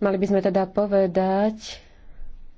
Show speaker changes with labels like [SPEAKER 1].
[SPEAKER 1] Mali by sme teda povedať,